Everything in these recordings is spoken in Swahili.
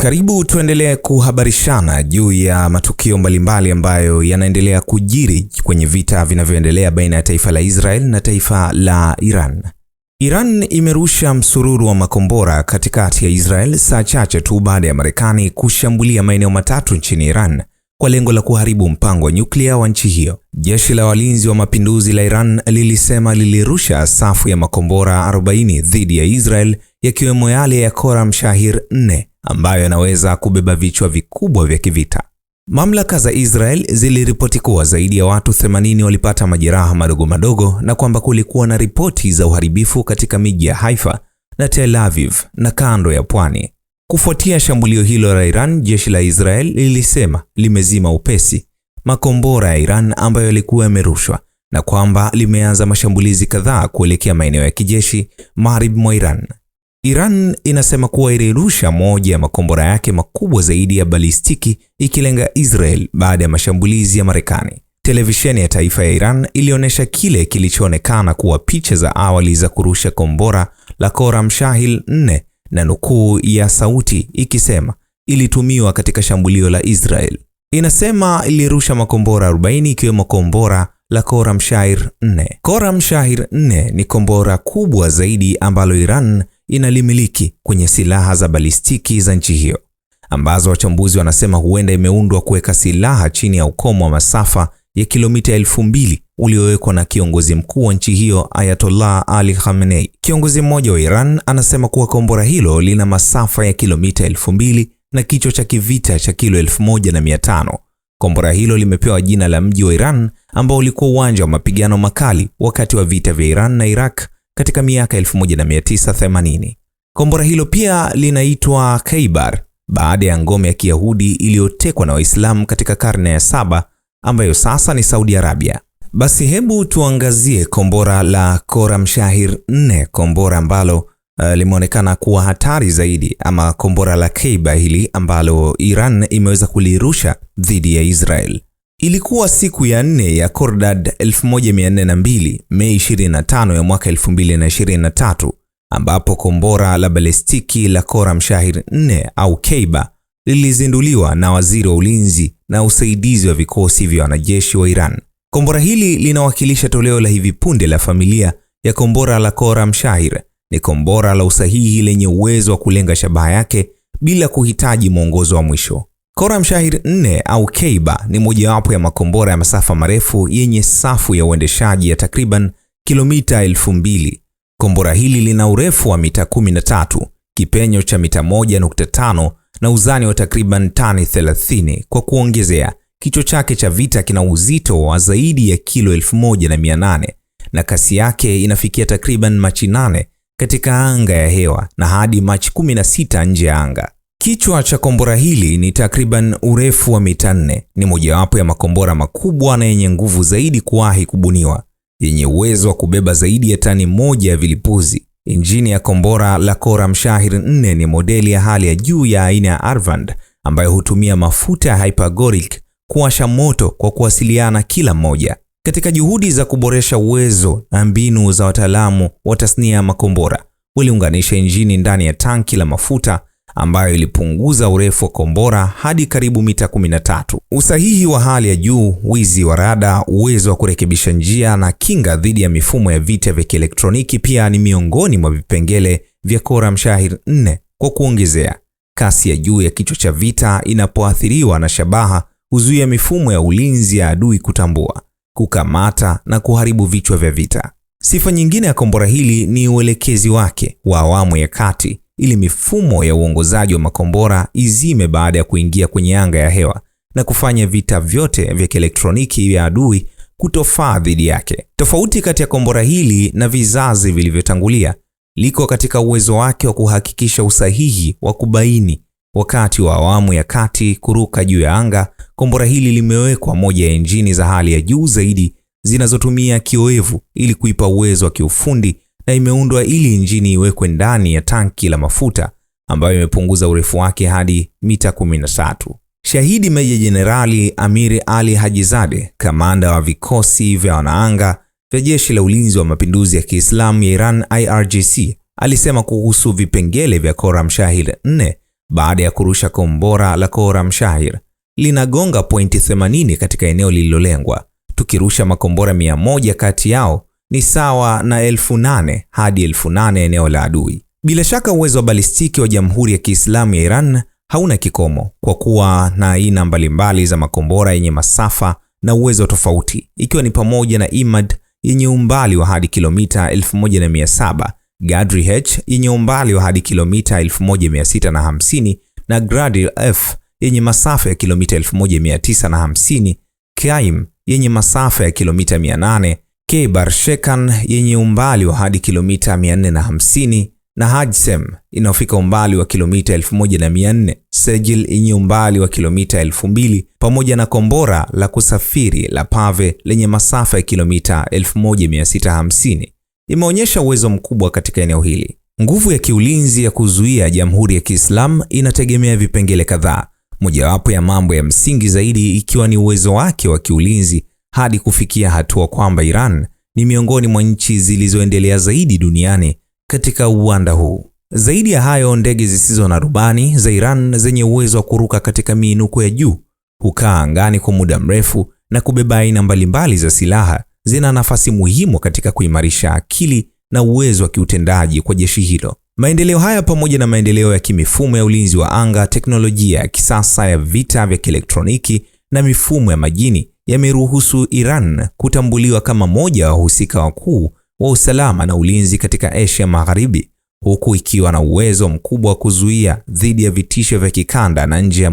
Karibu tuendelee kuhabarishana juu ya matukio mbalimbali ambayo yanaendelea kujiri kwenye vita vinavyoendelea baina ya taifa la Israel na taifa la Iran. Iran imerusha msururu wa makombora katikati ya Israel saa chache tu baada ya Marekani kushambulia maeneo matatu nchini Iran kwa lengo la kuharibu mpango wa nyuklia wa nchi hiyo. Jeshi la walinzi wa mapinduzi la Iran lilisema lilirusha safu ya makombora 40 dhidi ya Israel, yakiwemo yale ya Koram Shahir 4 ambayo yanaweza kubeba vichwa vikubwa vya kivita. Mamlaka za Israel ziliripoti kuwa zaidi ya watu 80 walipata majeraha madogo madogo na kwamba kulikuwa na ripoti za uharibifu katika miji ya Haifa na Tel Aviv na kando ya pwani. Kufuatia shambulio hilo la Iran, jeshi la Israel lilisema limezima upesi makombora ya Iran ambayo yalikuwa yamerushwa na kwamba limeanza mashambulizi kadhaa kuelekea maeneo ya kijeshi magharibi mwa Iran. Iran inasema kuwa ilirusha moja ya makombora yake makubwa zaidi ya balistiki ikilenga Israel baada ya mashambulizi ya Marekani. Televisheni ya taifa ya Iran ilionyesha kile kilichoonekana kuwa picha za awali za kurusha kombora la Shahil 4 na nukuu ya sauti ikisema ilitumiwa katika shambulio la Israel. Inasema ilirusha makombora 40 ikiwemo kombora la Shahir 4. Shahir 4 ni kombora kubwa zaidi ambalo Iran inalimiliki kwenye silaha za balistiki za nchi hiyo ambazo wachambuzi wanasema huenda imeundwa kuweka silaha chini ya ukomo wa masafa ya kilomita elfu mbili uliowekwa na kiongozi mkuu wa nchi hiyo Ayatollah Ali Khamenei. Kiongozi mmoja wa Iran anasema kuwa kombora hilo lina masafa ya kilomita elfu mbili na kichwa cha kivita cha kilo elfu moja na mia tano. Kombora hilo limepewa jina la mji wa Iran ambao ulikuwa uwanja wa mapigano makali wakati wa vita vya Iran na Iraq katika miaka 1980. Kombora hilo pia linaitwa Kaibar baada ya ngome ya Kiyahudi iliyotekwa na Waislamu katika karne ya saba ambayo sasa ni Saudi Arabia. Basi hebu tuangazie kombora la Khorramshahr 4, kombora ambalo uh, limeonekana kuwa hatari zaidi, ama kombora la Khaibar hili ambalo Iran imeweza kulirusha dhidi ya Israel. Ilikuwa siku ya nne ya Khordad 1402 Mei 25 ya mwaka 2023 ambapo kombora la balestiki la Khorram Shahir 4 au Keiba lilizinduliwa na waziri wa ulinzi na usaidizi wa vikosi vya wanajeshi wa Iran. Kombora hili linawakilisha toleo la hivi punde la familia ya kombora la Khorram Shahir. Ni kombora la usahihi lenye uwezo wa kulenga shabaha yake bila kuhitaji mwongozo wa mwisho. Khorramshahr 4 au Keiba ni mojawapo ya makombora ya masafa marefu yenye safu ya uendeshaji ya takriban kilomita 2000. Kombora hili lina urefu wa mita 13, kipenyo cha mita 1.5 na uzani wa takriban tani 30. Kwa kuongezea, kichwa chake cha vita kina uzito wa zaidi ya kilo 1800 na kasi yake inafikia takriban Machi 8 katika anga ya hewa na hadi Machi 16 nje ya anga. Kichwa cha kombora hili ni takriban urefu wa mita nne. Ni mojawapo ya makombora makubwa na yenye nguvu zaidi kuwahi kubuniwa, yenye uwezo wa kubeba zaidi ya tani moja ya vilipuzi. Injini ya kombora la Shahir 4 ni modeli ya hali ya juu ya aina ya Arvand ambayo hutumia mafuta ya hypergoric kuwasha moto kwa kuwasiliana kila mmoja. Katika juhudi za kuboresha uwezo na mbinu za wataalamu wa tasnia ya makombora, waliunganisha injini ndani ya tanki la mafuta ambayo ilipunguza urefu wa kombora hadi karibu mita 13. Usahihi wa hali ya juu, wizi wa rada, uwezo wa kurekebisha njia na kinga dhidi ya mifumo ya vita vya kielektroniki pia ni miongoni mwa vipengele vya Khorram Shahir 4. Kwa kuongezea, kasi ya juu ya kichwa cha vita inapoathiriwa na shabaha huzuia mifumo ya ulinzi ya adui kutambua, kukamata na kuharibu vichwa vya vita. Sifa nyingine ya kombora hili ni uelekezi wake wa awamu ya kati ili mifumo ya uongozaji wa makombora izime baada ya kuingia kwenye anga ya hewa na kufanya vita vyote vya kielektroniki vya adui kutofaa dhidi yake. Tofauti kati ya kombora hili na vizazi vilivyotangulia liko katika uwezo wake wa kuhakikisha usahihi wa kubaini wakati wa awamu ya kati kuruka juu ya anga. Kombora hili limewekwa moja ya injini za hali ya juu zaidi zinazotumia kioevu ili kuipa uwezo wa kiufundi na imeundwa ili injini iwekwe ndani ya tanki la mafuta ambayo imepunguza urefu wake hadi mita 13. Shahidi Meja Jenerali Amir Ali Hajizade, kamanda wa vikosi vya wanaanga vya Jeshi la Ulinzi wa Mapinduzi ya Kiislamu ya Iran IRGC, alisema kuhusu vipengele vya Khorramshahr 4 baada ya kurusha kombora la Khorramshahr linagonga pointi 80 katika eneo lililolengwa, tukirusha makombora 100 kati yao ni sawa na elfu nane hadi elfu nane eneo la adui. Bila shaka uwezo wa balistiki wa Jamhuri ya Kiislamu ya Iran hauna kikomo kwa kuwa na aina mbalimbali za makombora yenye masafa na uwezo tofauti, ikiwa ni pamoja na Imad yenye umbali wa hadi kilomita 1700, Gadri H yenye umbali wa hadi kilomita 1650 na Gradil F yenye masafa ya kilomita 1950, Kaim yenye masafa ya kilomita 800 kebar Shekan yenye umbali wa hadi kilomita 450 na Hajsem inayofika umbali wa kilomita 1400, Sejil yenye umbali wa kilomita 2000, pamoja na kombora la kusafiri la Pave lenye masafa ya kilomita 1650 imeonyesha uwezo mkubwa katika eneo hili. Nguvu ya kiulinzi ya kuzuia Jamhuri ya Kiislamu inategemea vipengele kadhaa, mojawapo ya mambo ya msingi zaidi ikiwa ni uwezo wake wa kiulinzi hadi kufikia hatua kwamba Iran ni miongoni mwa nchi zilizoendelea zaidi duniani katika uwanda huu. Zaidi ya hayo, ndege zisizo na rubani za Iran zenye uwezo wa kuruka katika miinuko ya juu hukaa angani kwa muda mrefu na kubeba aina mbalimbali za silaha zina nafasi muhimu katika kuimarisha akili na uwezo wa kiutendaji kwa jeshi hilo. Maendeleo haya pamoja na maendeleo ya kimifumo ya ulinzi wa anga, teknolojia ya kisasa ya vita vya kielektroniki na mifumo ya majini yameruhusu Iran kutambuliwa kama moja wa wahusika wakuu wa usalama na ulinzi katika Asia Magharibi, huku ikiwa na uwezo mkubwa wa kuzuia dhidi ya vitisho vya kikanda na nje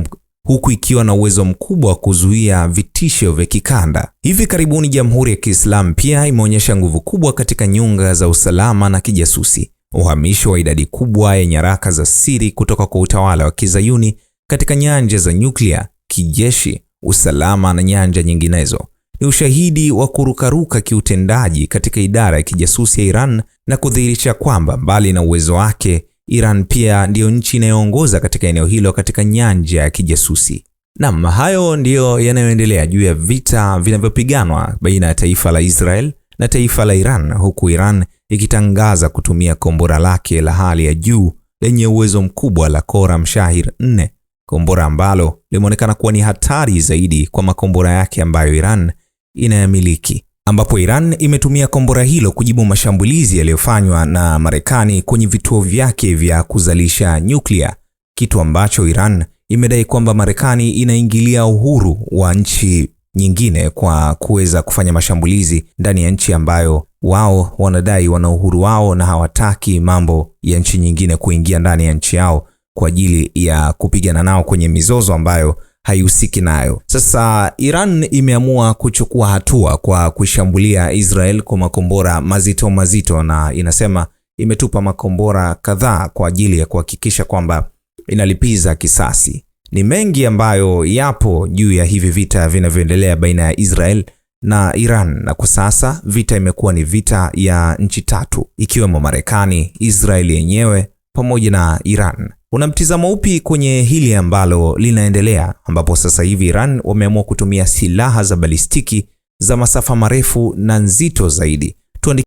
huku ikiwa na uwezo mkubwa wa kuzuia vitisho vya kikanda. Hivi karibuni Jamhuri ya Kiislamu pia imeonyesha nguvu kubwa katika nyunga za usalama na kijasusi, uhamisho wa idadi kubwa ya nyaraka za siri kutoka kwa utawala wa Kizayuni katika nyanja za nyuklia, kijeshi usalama na nyanja nyinginezo. Ni ushahidi wa kurukaruka kiutendaji katika idara ya kijasusi ya Iran na kudhihirisha kwamba mbali na uwezo wake, Iran pia ndiyo nchi inayoongoza katika eneo hilo katika nyanja ya kijasusi. Naam, hayo ndiyo yanayoendelea juu ya vita vinavyopiganwa baina ya taifa la Israel na taifa la Iran, huku Iran ikitangaza kutumia kombora lake la hali ya juu lenye uwezo mkubwa la Koram Shahir kombora ambalo limeonekana kuwa ni hatari zaidi kwa makombora yake ambayo Iran inayamiliki, ambapo Iran imetumia kombora hilo kujibu mashambulizi yaliyofanywa na Marekani kwenye vituo vyake vya kuzalisha nyuklia, kitu ambacho Iran imedai kwamba Marekani inaingilia uhuru wa nchi nyingine kwa kuweza kufanya mashambulizi ndani ya nchi ambayo wao wanadai wana uhuru wao na hawataki mambo ya nchi nyingine kuingia ndani ya nchi yao kwa ajili ya kupigana nao kwenye mizozo ambayo haihusiki nayo. Sasa Iran imeamua kuchukua hatua kwa kuishambulia Israel kwa makombora mazito mazito, na inasema imetupa makombora kadhaa kwa ajili ya kuhakikisha kwamba inalipiza kisasi. Ni mengi ambayo yapo juu ya hivi vita vinavyoendelea baina ya Israel na Iran, na kwa sasa vita imekuwa ni vita ya nchi tatu ikiwemo Marekani, Israel yenyewe pamoja na Iran. Una mtizamo upi kwenye hili ambalo linaendelea ambapo sasa hivi Iran wameamua kutumia silaha za balistiki za masafa marefu na nzito zaidi